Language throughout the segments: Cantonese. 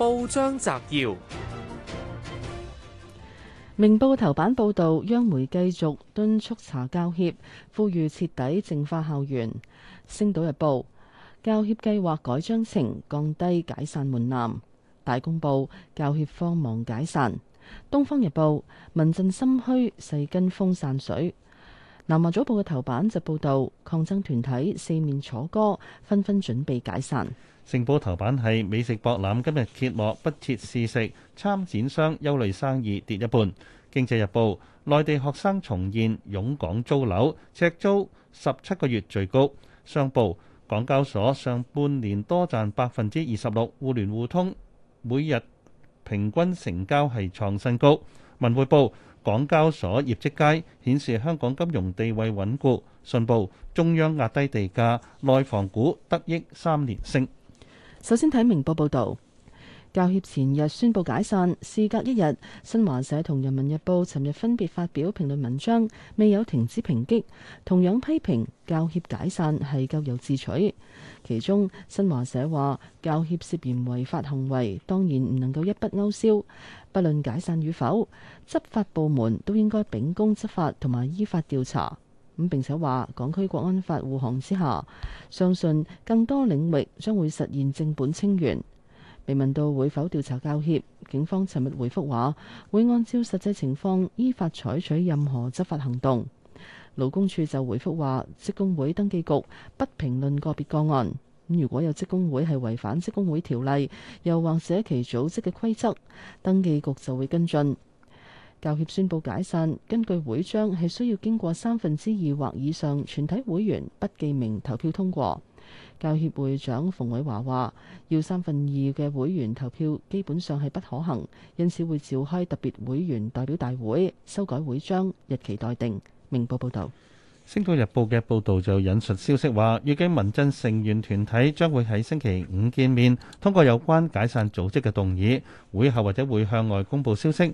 報章摘要：明報頭版報道，央媒繼續敦促查教協，呼籲徹底淨化校園。星島日報：教協計劃改章程，降低解散門檻。大公報：教協慌忙解散。東方日報：民陣心虛，細跟風散水。南華早報嘅頭版就報道，抗爭團體四面楚歌，紛紛準備解散。《成報》頭版係美食博覽今日揭幕，不設試食，參展商憂慮生意跌一半。《經濟日報》內地學生重現湧港租樓，呎租十七個月最高。《商報》港交所上半年多賺百分之二十六，互聯互通每日平均成交係創新高。《文匯報》港交所業績佳，顯示香港金融地位穩固。信報，中央壓低地價，內房股得益三連升。首先睇明報報導。教協前日宣布解散，事隔一日，新華社同人民日報尋日分別發表評論文章，未有停止抨擊，同樣批評教協解散係咎由自取。其中新華社話：教協涉嫌違法行為，當然唔能夠一筆勾銷，不論解散與否，執法部門都應該秉公執法同埋依法調查。咁並且話，港區國安法護航之下，相信更多領域將會實現正本清源。被問到會否調查教協，警方尋日回覆話：會按照實際情況依法採取任何執法行動。勞工處就回覆話：職工會登記局不評論個別個案。咁如果有職工會係違反職工會條例，又或者其組織嘅規則，登記局就會跟進。教協宣佈解散，根據會章係需要經過三分之二或以上全體會員不記名投票通過。教協會長馮偉華話：要三分二嘅會員投票，基本上係不可行，因此會召開特別會員代表大會修改會章，日期待定。明報報道，《星島日報》嘅報道就引述消息話，預計民陣成員團體將會喺星期五見面，通過有關解散組織嘅動議。會後或者會向外公布消息。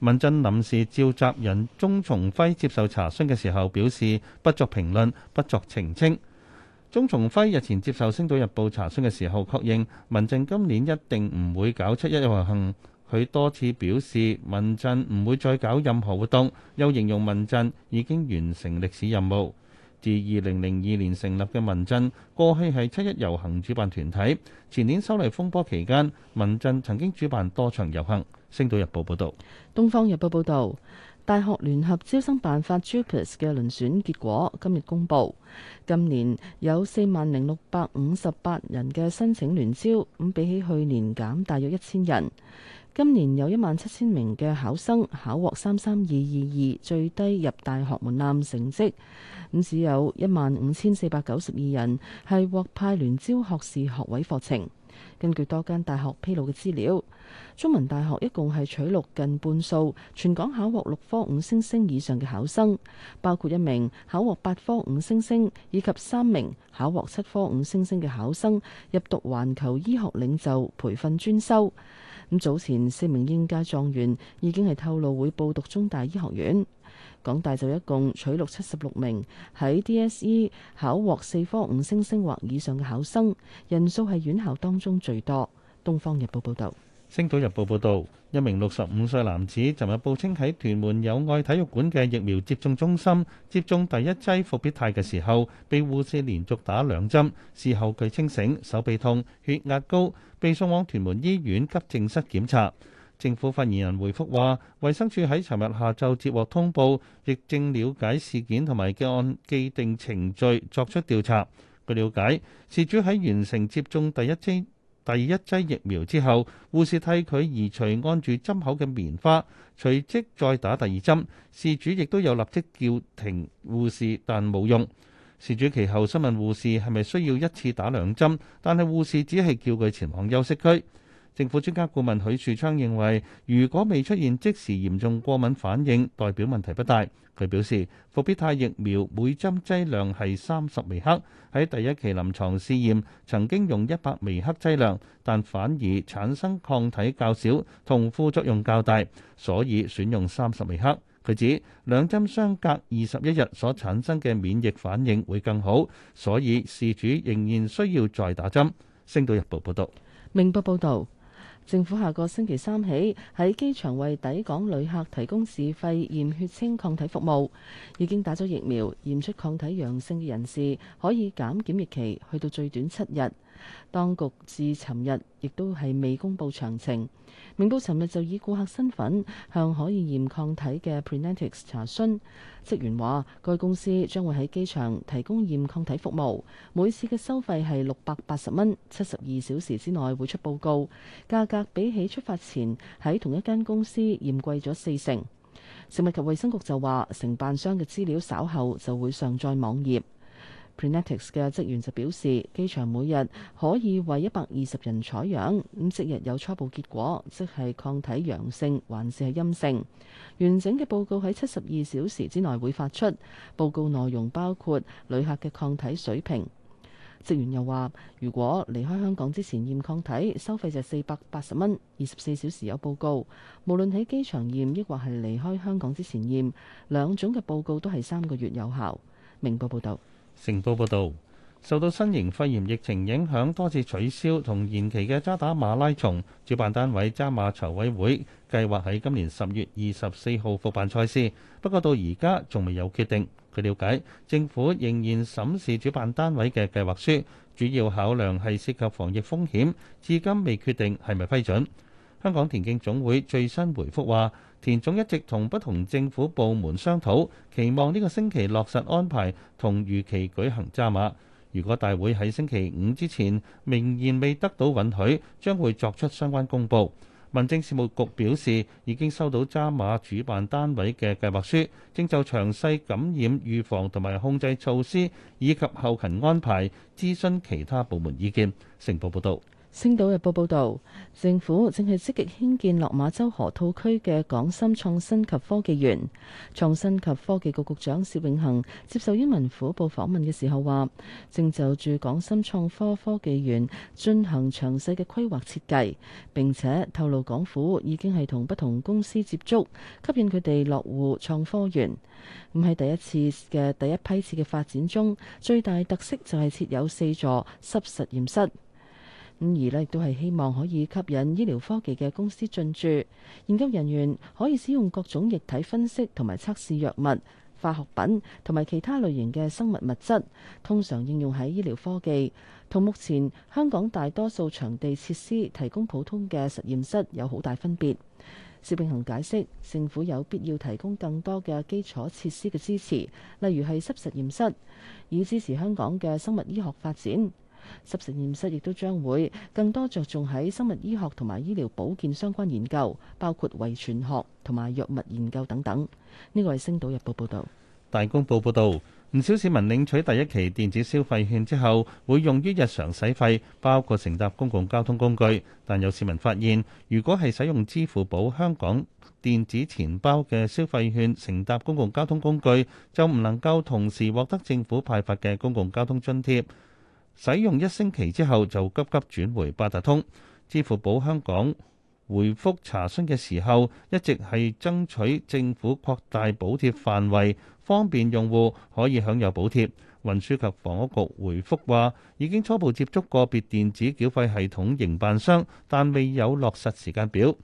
民陣臨時召集人鍾崇輝接受查詢嘅時候表示：不作評論，不作澄清。鍾崇輝日前接受《星島日報》查詢嘅時候，確認民陣今年一定唔會搞七一遊行。佢多次表示，民陣唔會再搞任何活動，又形容民陣已經完成歷史任務。自二零零二年成立嘅民陣，過去係七一遊行主辦團體。前年修例風波期間，民陣曾經主辦多場遊行。《星島日報》報道，《東方日報》報道。大學聯合招生辦法 （JUPAS） 嘅輪選結果今日公布。今年有四萬零六百五十八人嘅申請聯招，咁比起去年減大約一千人。今年有一萬七千名嘅考生考獲三三二二二最低入大學門檻成績，咁只有一萬五千四百九十二人係獲派聯招學士學位課程。根據多間大學披露嘅資料，中文大學一共係取錄近半數全港考獲六科五星星以上嘅考生，包括一名考獲八科五星星以及三名考獲七科五星星嘅考生入讀環球醫學領袖培訓專修。咁早前四名應屆狀元已經係透露會報讀中大醫學院。港大就一共取錄七十六名喺 DSE 考獲四科五星星或以上嘅考生，人數係院校當中最多。《東方日報》報導，《星島日報》報導，一名六十五歲男子尋日報稱喺屯門友愛體育館嘅疫苗接種中心接種第一劑復必泰嘅時候，被護士連續打兩針。事後佢清醒，手臂痛，血壓高，被送往屯門醫院急症室檢查。政府發言人回覆話，衞生署喺尋日下晝接獲通報，亦正了解事件同埋嘅按既定程序作出調查。據了解，事主喺完成接種第一劑、第一劑疫苗之後，護士替佢移除按住針口嘅棉花，隨即再打第二針。事主亦都有立即叫停護士，但冇用。事主其後詢問護士係咪需要一次打兩針，但係護士只係叫佢前往休息區。政府專家顧問許樹昌認為，如果未出現即時嚴重過敏反應，代表問題不大。佢表示，復必泰疫苗每針劑量係三十微克。喺第一期臨床試驗曾經用一百微克劑量，但反而產生抗體較少同副作用較大，所以選用三十微克。佢指兩針相隔二十一日所產生嘅免疫反應會更好，所以事主仍然需要再打針。星島日報報導，明報報導。政府下個星期三起喺機場為抵港旅客提供自費驗血清抗體服務，已經打咗疫苗、驗出抗體陽性嘅人士可以減檢疫期，去到最短七日。當局至尋日亦都係未公布詳情。明報尋日就以顧客身份向可以驗抗體嘅 Prenetics 查詢，職員話該公司將會喺機場提供驗抗體服務，每次嘅收費係六百八十蚊，七十二小時之內會出報告。價格比起出發前喺同一間公司驗貴咗四成。食物及衛生局就話，承辦商嘅資料稍後就會上載網頁。Prenetics 嘅職員就表示，機場每日可以為一百二十人採樣，咁即日有初步結果，即係抗體陽性還是係陰性。完整嘅報告喺七十二小時之內會發出。報告內容包括旅客嘅抗體水平。職員又話，如果離開香港之前驗抗體，收費就四百八十蚊，二十四小時有報告。無論喺機場驗，抑或係離開香港之前驗，兩種嘅報告都係三個月有效。明報報道。成報報道：受到新型肺炎疫情影響，多次取消同延期嘅渣打馬拉松，主辦單位渣馬籌委會計劃喺今年十月二十四號復辦賽事，不過到而家仲未有決定。據了解，政府仍然審視主辦單位嘅計劃書，主要考量係涉及防疫風險，至今未決定係咪批准。香港田徑總會最新回覆話。田總一直同不同政府部門商討，期望呢個星期落實安排同預期舉行渣馬。如果大會喺星期五之前仍然未得到允許，將會作出相關公佈。民政事務局表示，已經收到渣馬主辦單位嘅計劃書，正就詳細感染預防同埋控制措施以及後勤安排諮詢其他部門意見。成報報道。星島日報報道，政府正係積極興建落馬洲河套區嘅港深創新及科技園。創新及科技局局長薛永恒接受《英文虎報》訪問嘅時候話，正就住港深創科科技園進行詳細嘅規劃設計，並且透露港府已經係同不同公司接觸，吸引佢哋落戶創科園。咁喺第一次嘅第一批次嘅發展中，最大特色就係設有四座濕實驗室。咁而呢亦都係希望可以吸引醫療科技嘅公司進駐，研究人員可以使用各種液體分析同埋測試藥物、化學品同埋其他類型嘅生物物質，通常應用喺醫療科技，同目前香港大多數場地設施提供普通嘅實驗室有好大分別。薛永恆解釋，政府有必要提供更多嘅基礎設施嘅支持，例如係濕實驗室，以支持香港嘅生物醫學發展。濕實驗室亦都將會更多着重喺生物醫學同埋醫療保健相關研究，包括遺傳學同埋藥物研究等等。呢個係《星島日報》報導，《大公報》報導，唔少市民領取第一期電子消費券之後，會用於日常使費，包括乘搭公共交通工具。但有市民發現，如果係使用支付寶香港電子錢包嘅消費券乘搭公共交通工具，就唔能夠同時獲得政府派發嘅公共交通津貼。使用一星期之後就急急轉回八達通。支付寶香港回覆查詢嘅時候，一直係爭取政府擴大補貼範圍，方便用戶可以享有補貼。運輸及房屋局回覆話，已經初步接觸個別電子繳費系統營辦商，但未有落實時間表。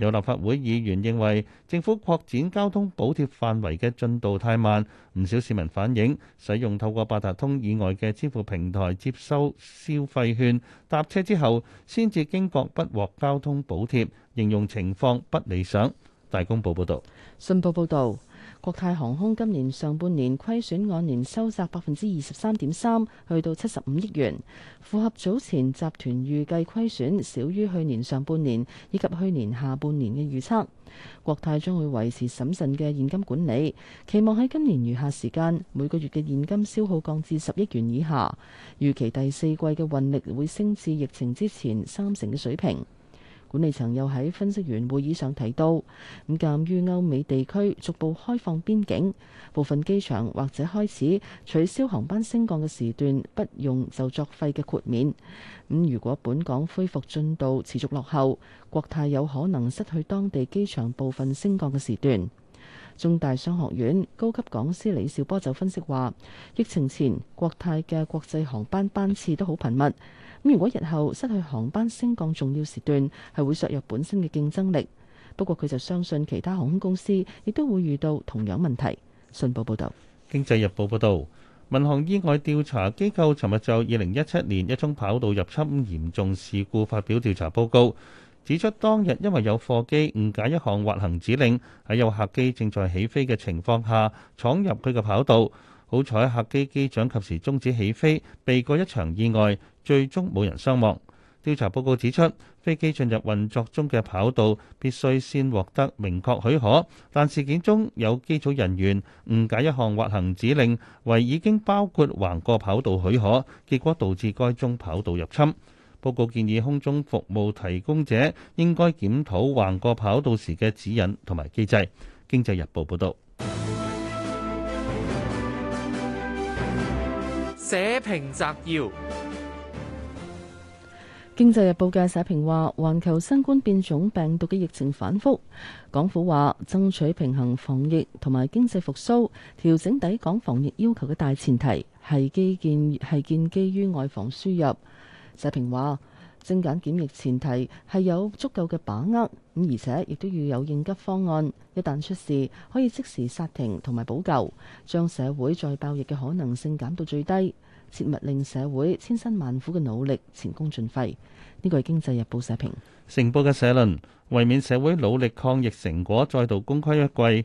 有立法會議員認為政府擴展交通補貼範圍嘅進度太慢，唔少市民反映使用透過八達通以外嘅支付平台接收消費券搭車之後，先至驚覺不獲交通補貼，形容情況不理想。大公報報導，信報報導。國泰航空今年上半年虧損按年收窄百分之二十三點三，去到七十五億元，符合早前集團預計虧損少於去年上半年以及去年下半年嘅預測。國泰將會維持審慎嘅現金管理，期望喺今年餘下時間每個月嘅現金消耗降至十億元以下，預期第四季嘅運力會升至疫情之前三成嘅水平。管理層又喺分析員會議上提到，咁鑑於歐美地區逐步開放邊境，部分機場或者開始取消航班升降嘅時段，不用就作廢嘅豁免。咁、嗯、如果本港恢復進度持續落後，國泰有可能失去當地機場部分升降嘅時段。中大商學院高級講師李兆波就分析話，疫情前國泰嘅國際航班班次都好頻密。咁如果日後失去航班升降重要時段，係會削弱本身嘅競爭力。不過佢就相信其他航空公司亦都會遇到同樣問題。信報報導。《經濟日報》報導，民航意外調查機構尋日就2017年一宗跑道入侵嚴重事故發表調查報告，指出當日因為有貨機誤解一項滑行指令，喺有客機正在起飛嘅情況下，闖入佢嘅跑道。好彩客機機長及時終止起飛，避過一場意外，最終冇人傷亡。調查報告指出，飛機進入運作中嘅跑道必須先獲得明確許可，但事件中有機組人員誤解一項滑行指令為已經包括橫過跑道許可，結果導致該宗跑道入侵。報告建議空中服務提供者應該檢討橫過跑道時嘅指引同埋機制。經濟日報報導。社評摘要：經濟日報嘅社評話，環球新冠變種病毒嘅疫情反復，港府話爭取平衡防疫同埋經濟復甦，調整抵港防疫要求嘅大前提係基建係建基於外防輸入。社評話精簡檢疫前提係有足夠嘅把握。而且亦都要有應急方案，一旦出事可以即時剎停同埋補救，將社會再爆疫嘅可能性減到最低，切勿令社會千辛萬苦嘅努力前功盡廢。呢個係《經濟日報》社評。成報嘅社論，為免社會努力抗疫成果再度功虧一簣，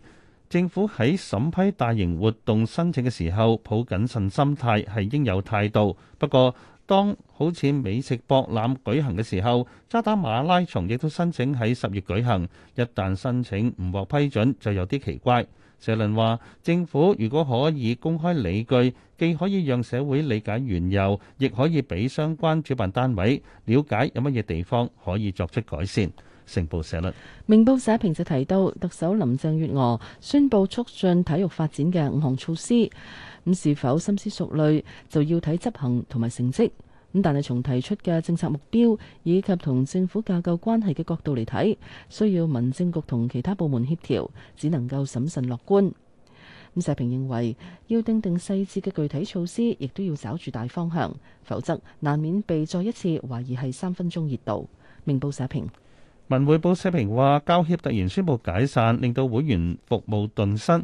政府喺審批大型活動申請嘅時候抱謹慎心態係應有態度。不過當好似美食博覽舉行嘅時候，渣打馬拉松亦都申請喺十月舉行。一旦申請唔獲批准，就有啲奇怪。社論話，政府如果可以公開理據，既可以讓社會理解原由，亦可以俾相關主辦單位了解有乜嘢地方可以作出改善。成報社論。明報社評就提到，特首林鄭月娥宣布促進體育發展嘅五項措施，咁是否深思熟慮，就要睇執行同埋成績。咁但係從提出嘅政策目標以及同政府架構關係嘅角度嚟睇，需要民政局同其他部門協調，只能夠審慎樂觀。咁社評認為要定定細緻嘅具體措施，亦都要找住大方向，否則難免被再一次懷疑係三分鐘熱度。明報社評，文匯報社評話，教協突然宣布解散，令到會員服務頓失。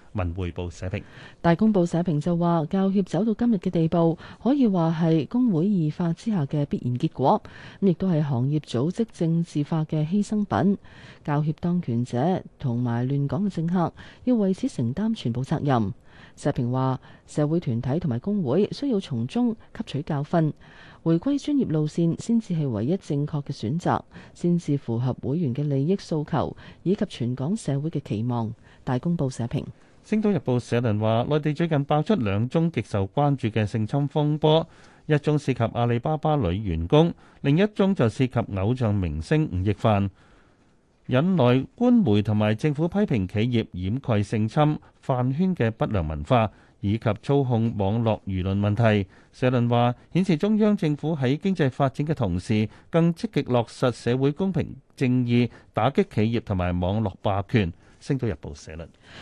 文匯報社評，大公報社評就話，教協走到今日嘅地步，可以話係工會異化之下嘅必然結果，咁亦都係行業組織政治化嘅犧牲品。教協當權者同埋亂港嘅政客要為此承擔全部責任。社評話，社會團體同埋工會需要從中吸取教訓，回歸專業路線，先至係唯一正確嘅選擇，先至符合會員嘅利益訴求以及全港社會嘅期望。大公報社評。《星島日報》社論話：內地最近爆出兩宗極受關注嘅性侵風波，一宗涉及阿里巴巴女員工，另一宗就涉及偶像明星吳亦凡，引來官媒同埋政府批評企業掩蓋性侵、飯圈嘅不良文化，以及操控網絡輿論問題。社論話，顯示中央政府喺經濟發展嘅同時，更積極落實社會公平正義，打擊企業同埋網絡霸權。《星島日報》社論。